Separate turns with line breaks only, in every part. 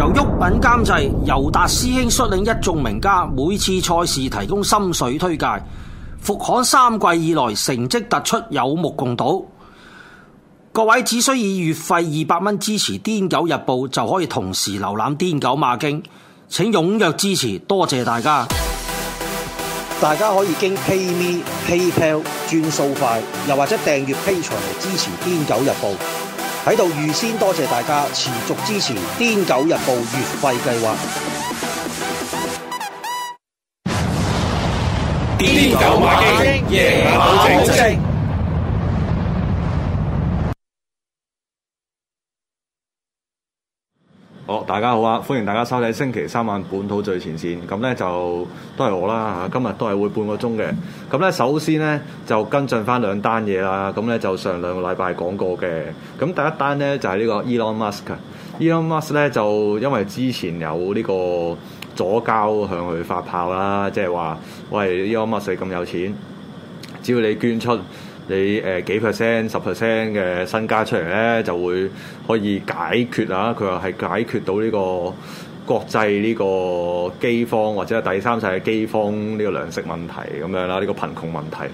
由郁品監製，游達師兄率領一眾名家，每次賽事提供心水推介。復刊三季以來成績突出，有目共睹。各位只需以月費二百蚊支持《癲狗日報》，就可以同時瀏覽《癲狗馬經》。請踴躍支持，多謝大家！大家可以經 PayMe、PayPal 轉數快，又或者訂閱 Pay 財嚟支持《癲狗日報》。喺度預先多謝大家持續支持《癲狗日報月費計劃》。癲狗馬經。大家好啊！歡迎大家收睇星期三晚《本土最前線》咁咧就都係我啦嚇，今日都係會半個鐘嘅。咁咧首先咧就跟進翻兩單嘢啦，咁咧就上兩個禮拜講過嘅。咁第一單咧就係呢個 Elon Musk。Elon Musk 咧就因為之前有呢個左膠向佢發炮啦，即係話喂 Elon Musk 你咁有錢，只要你捐出，你誒幾 percent、十 percent 嘅身家出嚟咧，就會可以解決啊！佢話係解決到呢個國際呢個饑荒，或者係第三世界饑荒呢個糧食問題咁樣啦，呢個貧窮問題。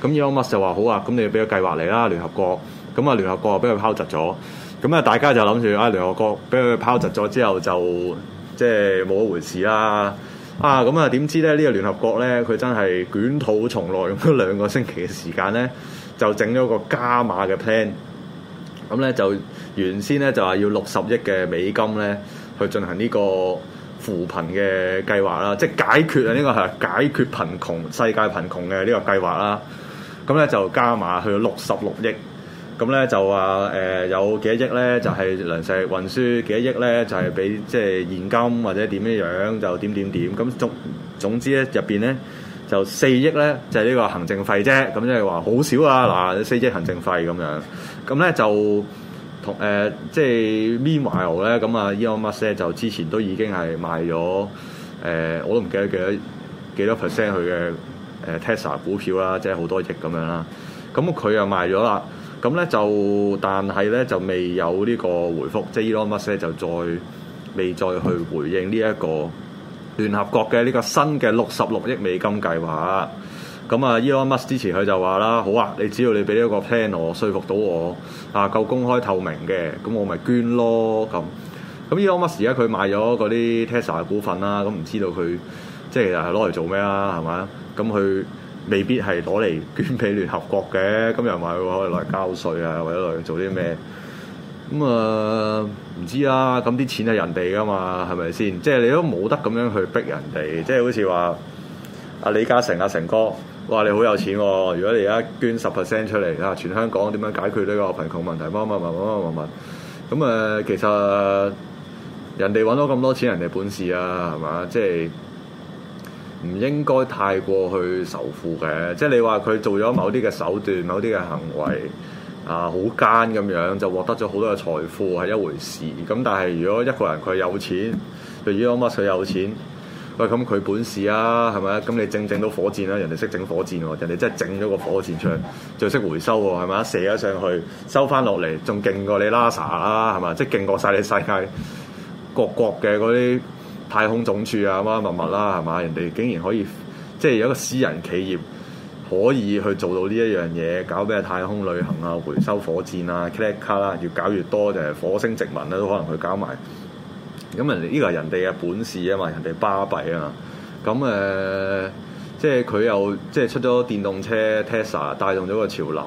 咁 Elon Musk 就話好啊，咁你要俾個計劃嚟啦，聯合國。咁啊，聯合國又俾佢拋窒咗。咁啊，大家就諗住啊，聯合國俾佢拋窒咗之後就，就即係冇一回事啦。啊，咁啊，點知咧？呢個聯合國咧，佢真係捲土重來，用咗兩個星期嘅時間咧，就整咗個加碼嘅 plan。咁咧就原先咧就話要六十億嘅美金咧去進行呢個扶貧嘅計劃啦，即係解決啊呢個係解決貧窮、這個、世界貧窮嘅呢個計劃啦。咁咧就加碼去到六十六億。咁咧、嗯、就話誒、呃、有幾多億咧就係、是、糧食運輸幾多億咧就係、是、俾即係現金或者點樣就樣就點點點咁總總之咧入邊咧就四億咧就係、是、呢個行政費啫，咁即係話好少啊嗱四億行政費咁樣，咁、嗯、咧、嗯、就同誒、呃、即係 Meanwhile 咧咁啊，Elon Musk 咧就之前都已經係賣咗誒、呃、我都唔記得幾多幾多 percent、呃、佢嘅誒 Tesla 股票啦，即係好多億咁樣啦，咁、嗯、佢又賣咗啦。咁咧就，但係咧就未有呢個回覆，即係 Elon Musk 咧就再未再去回應呢一個聯合國嘅呢個新嘅六十六億美金計劃。咁啊，Elon Musk 之前佢就話啦，好啊，你只要你俾一個 plan，我說服到我啊夠公開透明嘅，咁我咪捐咯。咁咁 Elon Musk 而家佢賣咗嗰啲 Tesla 嘅股份啦，咁唔知道佢即係其實係攞嚟做咩啦，係嘛？咁佢。未必係攞嚟捐俾聯合國嘅，咁又咪可以攞嚟交稅啊，或者攞嚟做啲咩？咁、嗯呃、啊唔知啦，咁啲錢係人哋噶嘛，係咪先？即係你都冇得咁樣去逼人哋，即係好似話阿李嘉誠阿、啊、成哥，哇！你好有錢喎、啊，如果你而家捐十 percent 出嚟啊，全香港點樣解決呢個貧窮問題？乜乜乜乜乜乜咁啊，其實人哋揾到咁多錢，人哋本事啊，係嘛？即係。唔應該太過去仇富嘅，即係你話佢做咗某啲嘅手段、某啲嘅行為啊，好、呃、奸咁樣就獲得咗好多嘅財富係一回事。咁但係如果一個人佢有錢，譬如 Elon Musk 佢有錢，喂咁佢本事啊，係咪？咁你整整到火箭啦、啊，人哋識整火箭喎、啊，人哋真係整咗個火箭出嚟，仲識回收喎、啊，係咪？射咗上去，收翻落嚟，仲勁過你 NASA、er、啊，係咪？即係勁過晒你世界各國嘅嗰啲。太空總署啊，乜乜物物啦，係嘛？人哋竟然可以即係有一個私人企業可以去做到呢一樣嘢，搞咩太空旅行啊、回收火箭啊、click 卡啦、啊，越搞越多就係、是、火星殖民啦、啊，都可能去搞埋。咁人哋呢個係人哋嘅本事啊嘛，人哋巴閉啊嘛。咁誒、啊嗯呃，即係佢又即係出咗電動車 Tesla，帶動咗個潮流，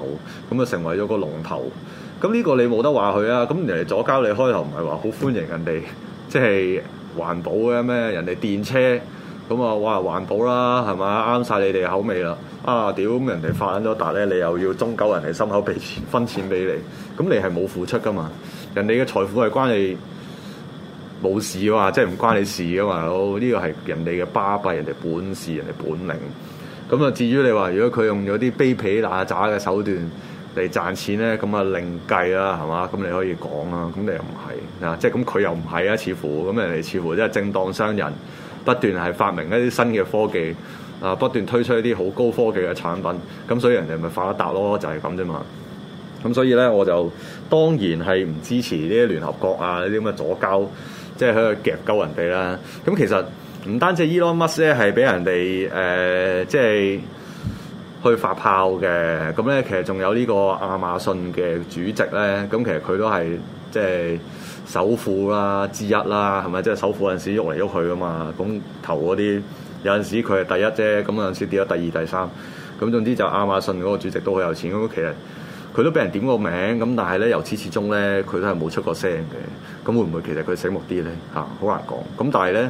咁啊成為咗個龍頭。咁、這、呢個你冇得話佢啊。咁人哋左膠你開頭唔係話好歡迎人哋，即係、 就是。環保嘅咩，人哋電車咁啊，哇，環保啦，係咪啱晒你哋口味啦？啊，屌人哋發緊咗達咧，但你又要中九人哋心口俾錢、分錢俾你，咁你係冇付出噶嘛？人哋嘅財富係關你冇事噶嘛，即係唔關你事噶嘛。好，呢個係人哋嘅巴閉，人哋本事、人哋本領。咁啊，至於你話如果佢用咗啲卑鄙打渣嘅手段。嚟賺錢咧，咁啊另計啦，係嘛？咁你可以講啦，咁你又唔係啊？即係咁，佢又唔係啊？似乎咁人哋似乎即係正當商人不斷係發明一啲新嘅科技，啊不斷推出一啲好高科技嘅產品，咁所以人哋咪發一達咯，就係咁啫嘛。咁所以咧，我就當然係唔支持呢啲聯合國啊，就是 e、呢啲咁嘅左膠，即係喺度夾鳩人哋啦。咁其實唔單止 Elon Musk 咧，係俾人哋誒，即係。去發炮嘅咁咧，其實仲有呢個亞馬遜嘅主席咧。咁其實佢都係即係首富啦之一啦，係咪即係首富有陣時喐嚟喐去㗎嘛？咁頭嗰啲有陣時佢係第一啫，咁有陣時跌咗第二、第三。咁總之就亞馬遜嗰個主席都好有錢咁，其實佢都俾人點個名咁，但係咧由始始終咧佢都係冇出過聲嘅。咁會唔會其實佢醒目啲咧嚇？好、啊、難講。咁但係咧，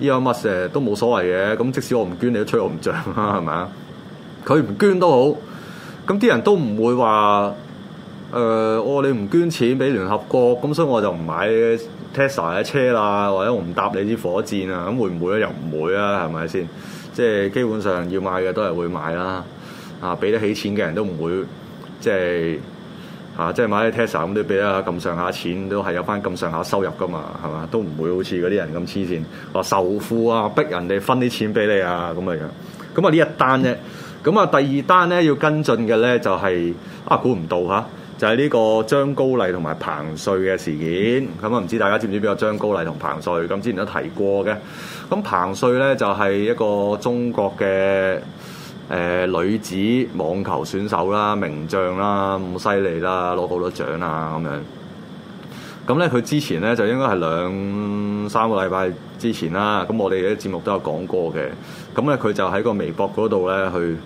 呢個乜嘢都冇所謂嘅。咁即使我唔捐，你都吹我唔漲啦，係咪啊？佢唔捐都好，咁啲人都唔會話誒，我、呃哦、你唔捐錢俾聯合國，咁所以我就唔買 Tesla 嘅車啦，或者我唔搭你啲火箭啊，咁會唔會咧？又唔會啊，係咪先？即係基本上要買嘅都係會買啦。啊，俾得起錢嘅人都唔會即係啊，即係買啲 Tesla 咁都俾啊咁上下錢，都係有翻咁上下收入噶嘛，係嘛？都唔會好似嗰啲人咁黐線話仇富啊，逼人哋分啲錢俾你啊咁嘅樣。咁啊呢一單啫。咁啊，第二單咧要跟進嘅咧就係、是、啊，估唔到吓，就係、是、呢個張高麗同埋彭帥嘅事件。咁啊，唔知大家知唔知邊個張高麗同彭帥？咁之前都提過嘅。咁彭帥咧就係一個中國嘅誒、呃、女子網球選手啦，名將啦，咁犀利啦，攞好多獎啊，咁樣。咁咧，佢之前咧就應該係兩三個禮拜之前啦。咁我哋啲節目都有講過嘅。咁咧，佢就喺個微博嗰度咧去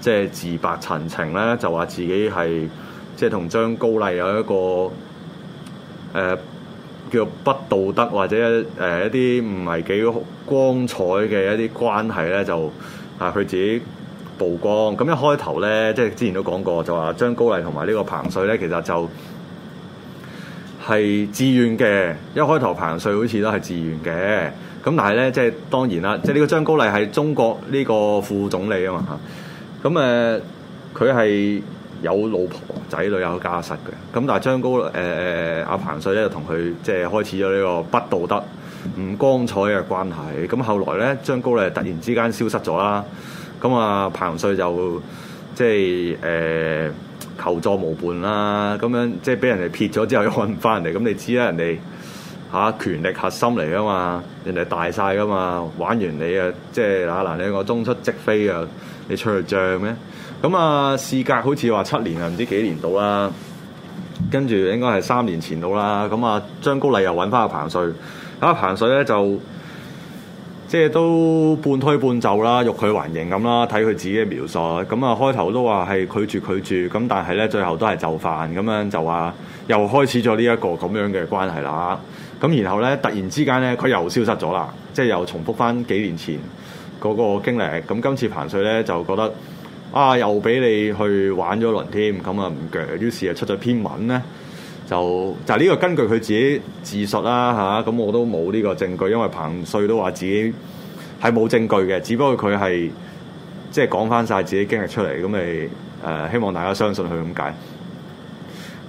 即係自白陳情咧，就話自己係即係同張高麗有一個誒、呃、叫做不道德或者誒一啲唔係幾光彩嘅一啲關係咧，就啊佢自己曝光。咁一開頭咧，即係之前都講過，就話張高麗同埋呢個彭帥咧，其實就，係自願嘅，一開頭彭帥好似都係自願嘅，咁但係咧，即係當然啦，即係呢個張高麗係中國呢個副總理啊嘛嚇，咁誒佢係有老婆仔女有家室嘅，咁但係張高誒誒阿彭帥咧就同佢即係開始咗呢個不道德、唔光彩嘅關係，咁後來咧張高麗突然之間消失咗啦，咁啊彭帥就即係誒。呃求助無伴啦，咁樣即係俾人哋撇咗之後又揾唔翻嚟，咁你知啦，人哋嚇、啊、權力核心嚟噶嘛，人哋大晒噶嘛，玩完你啊，即係嗱嗱你個中出即飛啊，你出去漲咩？咁啊，事隔好似話七年啊，唔知幾年到啦，跟住應該係三年前到啦，咁啊張高麗又揾翻阿彭帥，阿、啊、彭帥咧就。即係都半推半就啦，欲拒還迎咁啦，睇佢自己嘅描述。咁啊，開頭都話係拒絕拒絕，咁但係咧最後都係就範咁樣，就話又開始咗呢一個咁樣嘅關係啦。咁然後咧，突然之間咧，佢又消失咗啦，即係又重複返幾年前嗰個經歷。咁今次彭帥咧就覺得啊，又俾你去玩咗輪添，咁啊唔鋸，於是又出咗篇文咧。就就呢、是、個根據佢自己自述啦嚇，咁、啊、我都冇呢個證據，因為彭帥都話自己係冇證據嘅，只不過佢係即係講翻晒自己經歷出嚟，咁咪誒希望大家相信佢咁解。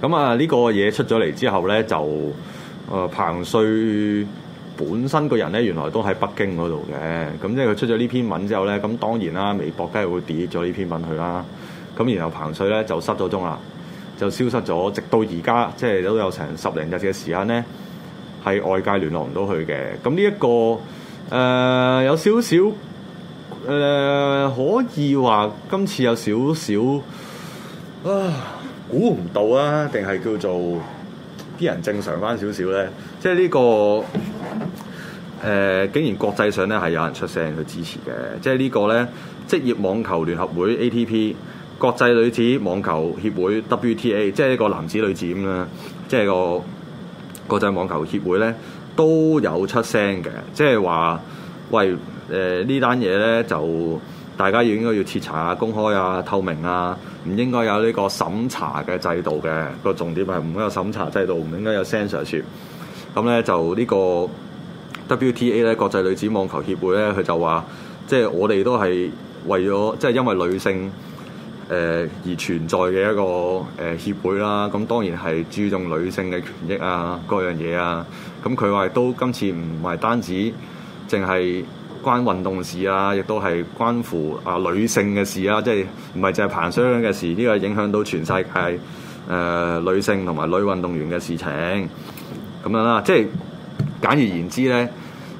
咁啊呢、這個嘢出咗嚟之後咧，就誒、呃、彭帥本身個人咧原來都喺北京嗰度嘅，咁即係佢出咗呢篇文之後咧，咁當然啦，微博梗係會 delete 咗呢篇文佢啦，咁然後彭帥咧就失咗蹤啦。就消失咗，直到而家，即係都有成十零日嘅時間咧，係外界聯絡唔到佢嘅。咁呢一個誒、呃、有少少誒、呃、可以話，今次有少少啊估唔到啊，定係叫做啲人正常翻少少咧？即係呢、呢個誒、呃，竟然國際上咧係有人出聲去支持嘅，即係呢個咧職業網球聯合會 ATP。國際女子網球協會 WTA，即係一個男子女子咁啦，即係個國際網球協會咧都有出聲嘅，即係話喂誒、呃、呢單嘢咧，就大家要應該要徹查啊、公開啊、透明啊，唔應該有呢個審查嘅制度嘅，個重點係唔應該有審查制度，唔應該有 censorship。咁咧就呢個 WTA 咧，國際女子網球協會咧，佢就話即係我哋都係為咗即係因為女性。誒、呃、而存在嘅一個誒、呃、協會啦，咁當然係注重女性嘅權益啊，各樣嘢啊。咁佢話都今次唔唔係單止淨係關運動事啊，亦都係關乎啊、呃、女性嘅事啊，即係唔係淨係彭帥嘅事，呢個影響到全世界誒、呃、女性同埋女運動員嘅事情咁樣啦。即係簡而言之咧，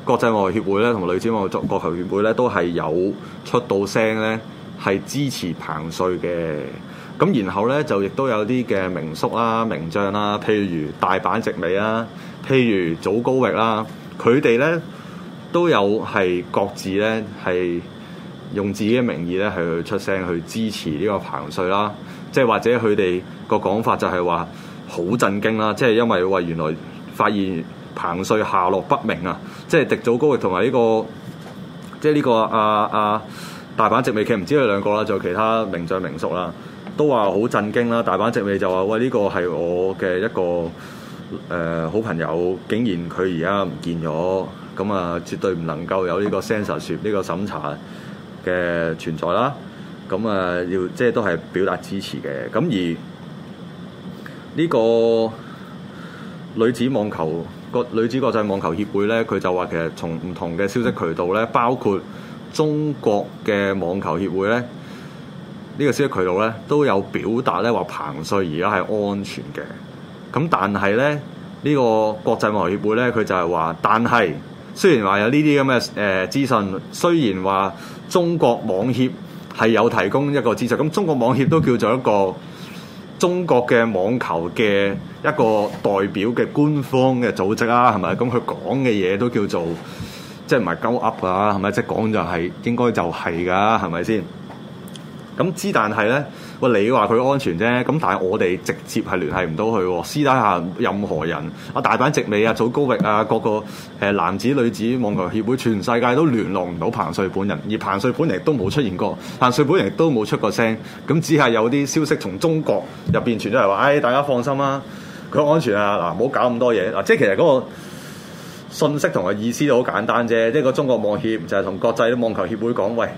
國際網球協會咧同女子網球協會咧都係有出到聲咧。係支持彭帥嘅，咁然後咧就亦都有啲嘅名宿啦、啊、名將啦、啊，譬如大阪直美啦、啊、譬如祖高域啦、啊，佢哋咧都有係各自咧係用自己嘅名義咧係去出聲去支持呢個彭帥啦，即係或者佢哋個講法就係話好震驚啦、啊，即係因為喂原來發現彭帥下落不明啊，即係迪祖高域同埋呢個即係、這、呢個阿阿。啊啊大阪直美其實唔止佢兩個啦，仲有其他名將名宿啦，都話好震驚啦。大阪直美就話：喂，呢、這個係我嘅一個誒、呃、好朋友，竟然佢而家唔見咗，咁啊，絕對唔能夠有呢個審查嘅、這個、存在啦。咁啊，要即係都係表達支持嘅。咁而呢個女子網球個女子國際網球協會咧，佢就話其實從唔同嘅消息渠道咧，包括。中國嘅網球協會呢，呢、這個消息渠道呢都有表達呢話，彭帥而家係安全嘅。咁但係呢呢、這個國際網球協會呢，佢就係話，但係雖然話有呢啲咁嘅誒資訊，雖然話、呃、中國網協係有提供一個資訊，咁中國網協都叫做一個中國嘅網球嘅一個代表嘅官方嘅組織啦，係咪？咁佢講嘅嘢都叫做。即係唔係鳩噏㗎係咪？即係講就係、是、應該就係㗎，係咪先？咁之但係咧，我你話佢安全啫。咁但係我哋直接係聯繫唔到佢私底下任何人啊，大阪直美啊、早高域啊，各個誒男子女子網球協會，全世界都聯絡唔到彭帥本人，而彭帥本人亦都冇出現過，彭帥本人亦都冇出過聲。咁只係有啲消息從中國入邊傳出嚟話，誒、哎、大家放心啦，佢安全啊！嗱，唔好搞咁多嘢嗱。即係其實嗰、那個。信息同個意思都好簡單啫，即係個中國網協就係同國際啲網球協會講：喂，誒、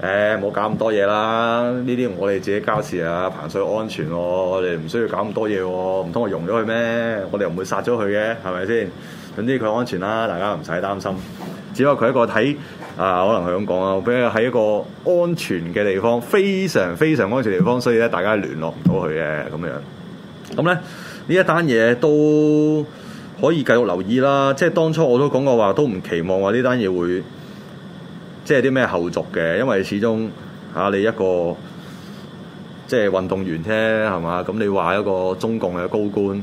欸、冇搞咁多嘢啦，呢啲我哋自己交涉啊，彭帥安全喎、哦，我哋唔需要搞咁多嘢喎、哦，唔通我用咗佢咩？我哋又唔會殺咗佢嘅，係咪先？總之佢安全啦，大家唔使擔心。只不過佢一個睇啊、呃，可能係咁講啊，比較喺一個安全嘅地方，非常非常安全嘅地方，所以咧大家聯絡唔到佢嘅咁樣。咁咧呢一單嘢都。可以繼續留意啦，即係當初我都講過話，都唔期望話呢單嘢會即係啲咩後續嘅，因為始終嚇、啊、你一個即係運動員啫，係嘛？咁、嗯、你話一個中共嘅高官，咁、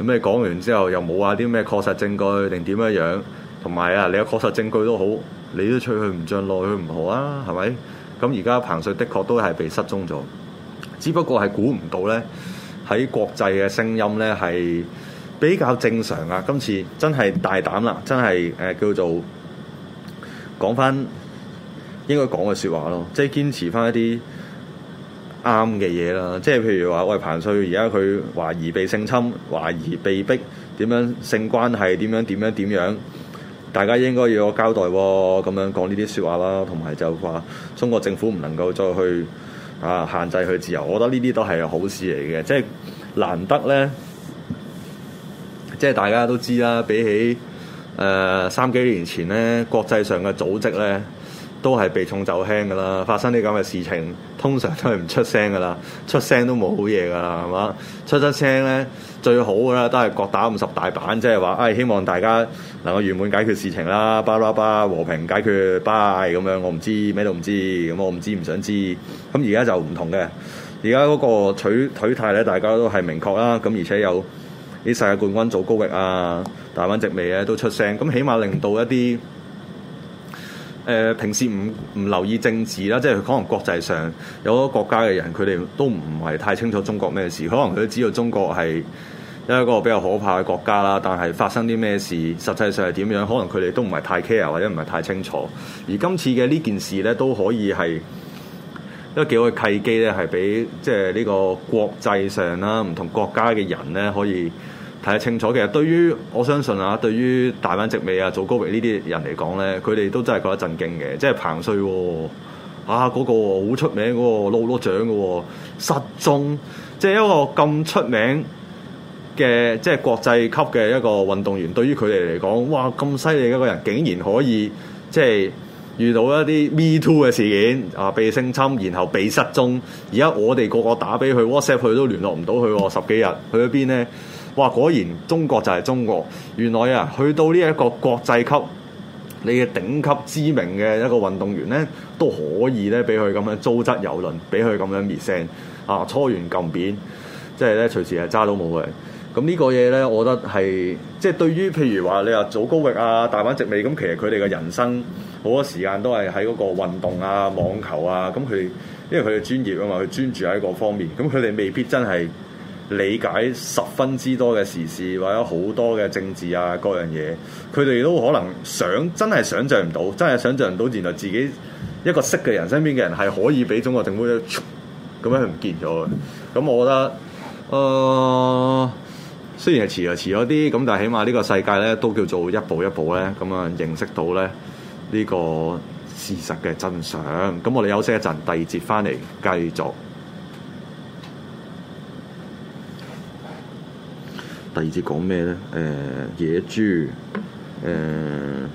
嗯、你講完之後又冇話啲咩確實證據定點樣樣，同埋啊，你有確實證據都好，你都吹佢唔進，攞佢唔好啊，係咪？咁而家彭帥的確都係被失蹤咗，只不過係估唔到咧，喺國際嘅聲音咧係，比較正常啊！今次真係大膽啦，真係誒、呃、叫做講翻應該講嘅説話咯，即係堅持翻一啲啱嘅嘢啦。即係譬如話，喂彭帥，而家佢懷疑被性侵，懷疑被逼點樣性關係，點樣點樣點樣，大家應該要有交代喎、哦。咁樣講呢啲説話啦，同埋就話中國政府唔能夠再去啊限制佢自由，我覺得呢啲都係好事嚟嘅，即係難得咧。即係大家都知啦，比起誒、呃、三幾年前咧，國際上嘅組織咧都係避重就輕噶啦。發生啲咁嘅事情，通常都係唔出聲噶啦，出聲都冇好嘢噶啦，係嘛？出出聲咧最好噶啦，都係各打五十大板，即係話誒，希望大家能夠完滿解決事情啦，巴拉巴和平解決，拜咁樣。我唔知咩都唔知，咁我唔知唔想知。咁而家就唔同嘅，而家嗰個取取態咧，大家都係明確啦，咁而且有。啲世界冠軍做高域啊、大坂直美啊，都出聲，咁起碼令到一啲誒、呃、平時唔唔留意政治啦，即係可能國際上有好多國家嘅人，佢哋都唔係太清楚中國咩事。可能佢都知道中國係一個比較可怕嘅國家啦，但係發生啲咩事，實際上係點樣，可能佢哋都唔係太 care 或者唔係太清楚。而今次嘅呢件事咧，都可以係一個幾好契機咧，係俾即係呢個國際上啦，唔同國家嘅人咧可以。睇得清楚，其實對於我相信啊，對於大坂直美啊、祖高域呢啲人嚟講咧，佢哋都真係覺得震驚嘅，即係彭帥、哦、啊，嗰、那個好、哦、出名嗰個攞咗獎嘅失蹤，即係一個咁出名嘅即係國際級嘅一個運動員。對於佢哋嚟講，哇咁犀利嘅一個人，竟然可以即係遇到一啲 Me Too 嘅事件啊，被性侵，然後被失蹤。而家我哋個，個個打俾佢 WhatsApp，佢都聯絡唔到佢，十幾日，佢喺邊咧？哇！果然中國就係中國，原來啊，去到呢一個國際級，你嘅頂級知名嘅一個運動員咧，都可以咧，俾佢咁樣租質遊輪，俾佢咁樣滅聲啊，初完禁片，即係咧隨時係揸到冇嘅。咁呢個嘢咧，我覺得係即係對於譬如話你話祖高域啊、大阪直美咁，其實佢哋嘅人生好多時間都係喺嗰個運動啊、網球啊，咁佢因為佢嘅專業啊嘛，佢專注喺嗰方面，咁佢哋未必真係。理解十分之多嘅時事，或者好多嘅政治啊，各樣嘢，佢哋都可能想真係想象唔到，真係想象唔到原來自己一個識嘅人身邊嘅人係可以俾中國政府咁樣唔見咗嘅。咁我覺得誒、呃，雖然係遲就遲咗啲，咁但係起碼呢個世界咧都叫做一步一步咧咁啊，樣認識到咧呢個事實嘅真相。咁我哋休息一陣，第二節翻嚟繼續。第二節講咩咧？誒、呃，野豬。誒、呃。